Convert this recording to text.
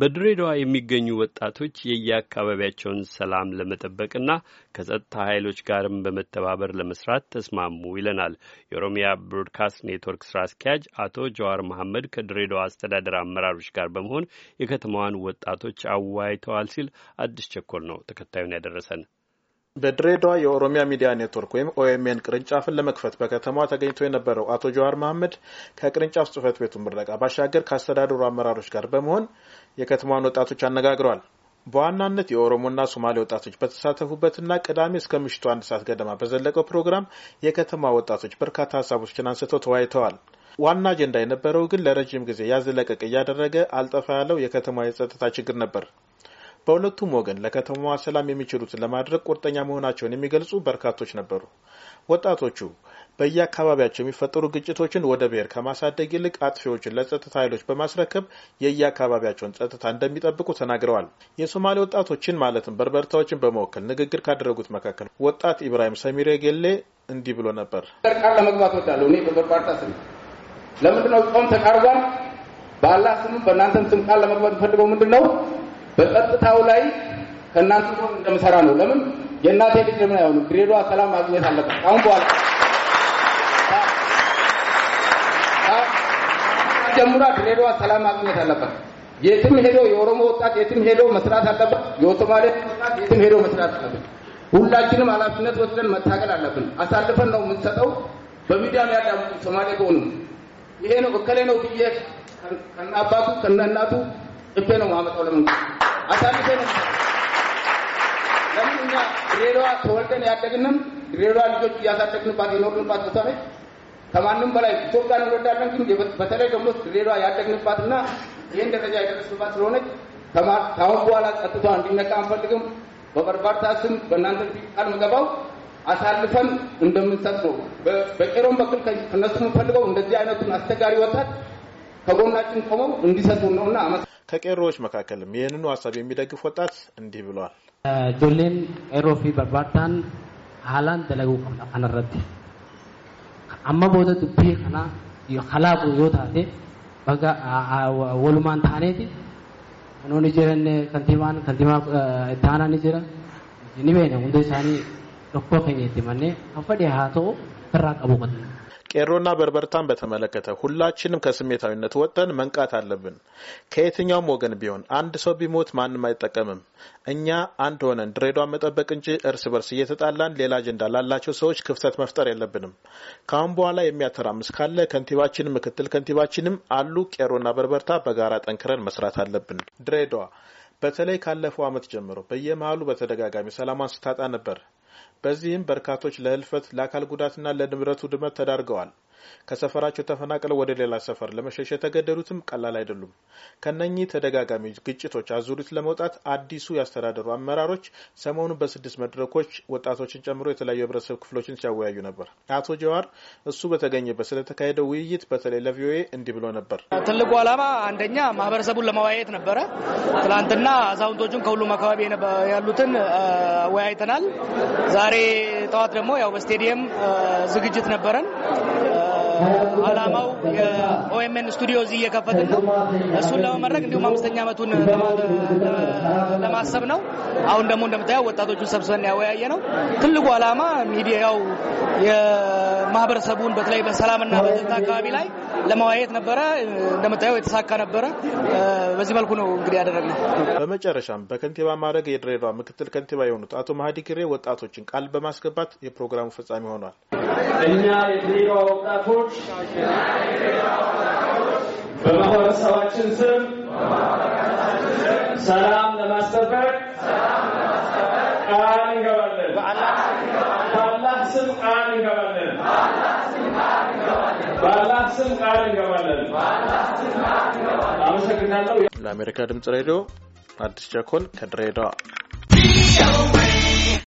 በድሬዳዋ የሚገኙ ወጣቶች የየአካባቢያቸውን ሰላም ለመጠበቅና ከጸጥታ ኃይሎች ጋርም በመተባበር ለመስራት ተስማሙ ይለናል የኦሮሚያ ብሮድካስት ኔትወርክ ስራ አስኪያጅ አቶ ጀዋር መሐመድ ከድሬዳዋ አስተዳደር አመራሮች ጋር በመሆን የከተማዋን ወጣቶች አወያይተዋል ሲል አዲስ ቸኮል ነው ተከታዩን ያደረሰን። በድሬዳዋ የኦሮሚያ ሚዲያ ኔትወርክ ወይም ኦኤምኤን ቅርንጫፍን ለመክፈት በከተማዋ ተገኝቶ የነበረው አቶ ጀዋር መሐመድ ከቅርንጫፍ ጽህፈት ቤቱ ምረቃ ባሻገር ከአስተዳደሩ አመራሮች ጋር በመሆን የከተማዋን ወጣቶች አነጋግረዋል። በዋናነት የኦሮሞና ሶማሌ ወጣቶች በተሳተፉበትና ቅዳሜ እስከ ምሽቱ አንድ ሰዓት ገደማ በዘለቀው ፕሮግራም የከተማ ወጣቶች በርካታ ሀሳቦችን አንስተው ተወያይተዋል። ዋና አጀንዳ የነበረው ግን ለረጅም ጊዜ ያዘለቀቅ እያደረገ አልጠፋ ያለው የከተማ የጸጥታ ችግር ነበር። በሁለቱም ወገን ለከተማዋ ሰላም የሚችሉትን ለማድረግ ቁርጠኛ መሆናቸውን የሚገልጹ በርካቶች ነበሩ። ወጣቶቹ በየአካባቢያቸው የሚፈጠሩ ግጭቶችን ወደ ብሔር ከማሳደግ ይልቅ አጥፊዎችን ለጸጥታ ኃይሎች በማስረከብ የየአካባቢያቸውን ጸጥታ እንደሚጠብቁ ተናግረዋል። የሶማሌ ወጣቶችን ማለትም በርበርታዎችን በመወከል ንግግር ካደረጉት መካከል ወጣት ኢብራሂም ሰሚሬ ጌሌ እንዲህ ብሎ ነበር። ቃል ለመግባት ወዳለሁ እኔ በበርባርታ ስም ለምንድነው ጾም ተቃርቧል። በአላህ ስም በእናንተም ስም ቃል ለመግባት የምፈልገው ምንድን ነው በጸጥታው ላይ ከእናንተ እንደምሰራ ነው። ለምን የእናቴ ልጅ ለምን አይሆኑ ድሬዳዋ ሰላም ማግኘት አለበት። አሁን በኋላ ጀምራ ድሬዳዋ ሰላም ማግኘት አለበት። የትም ሄዶ የኦሮሞ ወጣት የትም ሄዶ መስራት አለበት። የኦቶማሌ ወጣት የትም ሄዶ መስራት አለበት። ሁላችንም ኃላፊነት ወስደን መታገል አለብን። አሳልፈን ነው የምንሰጠው። በሚዲያ ያዳምጡ ሶማሌ ከሆኑ ይሄ ነው እከሌ ነው ብዬ ከነአባቱ ከነእናቱ እቤ ነው ማመጣው። ለምን አሳልፈ ነው ለምን እኛ ድሬዳዋ ተወልደን ያደግንም ድሬዳዋ ልጆች እያሳደግንባት የኖርንባት ቦታ ላይ ከማንም በላይ ኢትዮጵያን እንወዳለን፣ ግን በተለይ ደግሞ ድሬዳዋ ያደግንባትና ይህን ደረጃ የደረስንባት ስለሆነች ከአሁን በኋላ ጸጥታ እንዲነቃ አንፈልግም። በበርባርታ ስም በእናንተ ቃል ምገባው አሳልፈን እንደምንሰጥ ነው። በቄሮን በኩል ከነሱ የምንፈልገው እንደዚህ አይነቱን አስቸጋሪ ወጣት ከጎናችን ቆመው እንዲሰጡ ነውና አመ ከቄሮዎች መካከልም ይህንኑ ሀሳብ የሚደግፍ ወጣት እንዲህ ብለዋል። ጆሌን ኤሮፊ በርባርታን ሀላን ደለጉ አነረት amma booda dubbii kanaa kalaqu yoo taate baga walumaan taaneeti kanoonni jiran kantiibaan kantiibaa taanaa ni jira eh, ni beena hundi isaanii dhokkoo keenya itti mannee kan fadhi haa ta'u ofirraa qabu ቄሮና በርበርታን በተመለከተ ሁላችንም ከስሜታዊነት ወጥተን መንቃት አለብን። ከየትኛውም ወገን ቢሆን አንድ ሰው ቢሞት ማንም አይጠቀምም። እኛ አንድ ሆነን ድሬዳዋን መጠበቅ እንጂ እርስ በርስ እየተጣላን ሌላ አጀንዳ ላላቸው ሰዎች ክፍተት መፍጠር የለብንም። ካሁን በኋላ የሚያተራምስ ካለ ከንቲባችንም ምክትል ከንቲባችንም አሉ። ቄሮና በርበርታ በጋራ ጠንክረን መስራት አለብን። ድሬዳዋ በተለይ ካለፈው ዓመት ጀምሮ በየመሃሉ በተደጋጋሚ ሰላሟን ስታጣ ነበር። በዚህም በርካቶች ለህልፈት ለአካል ጉዳትና ለንብረት ውድመት ተዳርገዋል። ከሰፈራቸው ተፈናቅለው ወደ ሌላ ሰፈር ለመሸሽ የተገደዱትም ቀላል አይደሉም። ከነኚህ ተደጋጋሚ ግጭቶች አዙሪት ለመውጣት አዲሱ ያስተዳደሩ አመራሮች ሰሞኑን በስድስት መድረኮች ወጣቶችን ጨምሮ የተለያዩ የህብረተሰብ ክፍሎችን ሲያወያዩ ነበር። አቶ ጀዋር እሱ በተገኘበት ስለተካሄደው ውይይት በተለይ ለቪኦኤ እንዲህ ብሎ ነበር። ትልቁ ዓላማ አንደኛ ማህበረሰቡን ለማወያየት ነበረ። ትናንትና አዛውንቶቹን ከሁሉም አካባቢ ያሉትን አወያይተናል። ዛሬ ጠዋት ደግሞ ያው በስቴዲየም ዝግጅት ነበረን። አላማው የኦኤምኤን ስቱዲዮ እዚህ እየከፈትን ነው። እሱን ለመመረቅ እንዲሁም አምስተኛ ዓመቱን ለማሰብ ነው። አሁን ደግሞ እንደምታየው ወጣቶቹን ሰብስበን ያወያየ ነው። ትልቁ አላማ ሚዲያው የማህበረሰቡን በተለይ በሰላምና በጸጥታ አካባቢ ላይ ለማዋየት ነበረ። እንደምታየው የተሳካ ነበረ። በዚህ መልኩ ነው እንግዲህ ያደረግነው። በመጨረሻም በከንቲባ ማድረግ የድሬዳዋ ምክትል ከንቲባ የሆኑት አቶ ማህዲ ኪሬ ወጣቶችን ቃል በማስገባት የፕሮግራሙ ፍጻሜ ሆኗል። እኛ የድሬዳዋ ወጣቶች በማህበረሰባችን ስም ሰላም ለማስጠበቅ ቃል እንገባለን። በአላህ ስም ቃል እንገባለን። ቃል እንገባለን። አመሰግናለሁ። ለአሜሪካ ድምጽ ሬዲዮ አዲስ ቸኮል ከድሬዳዋ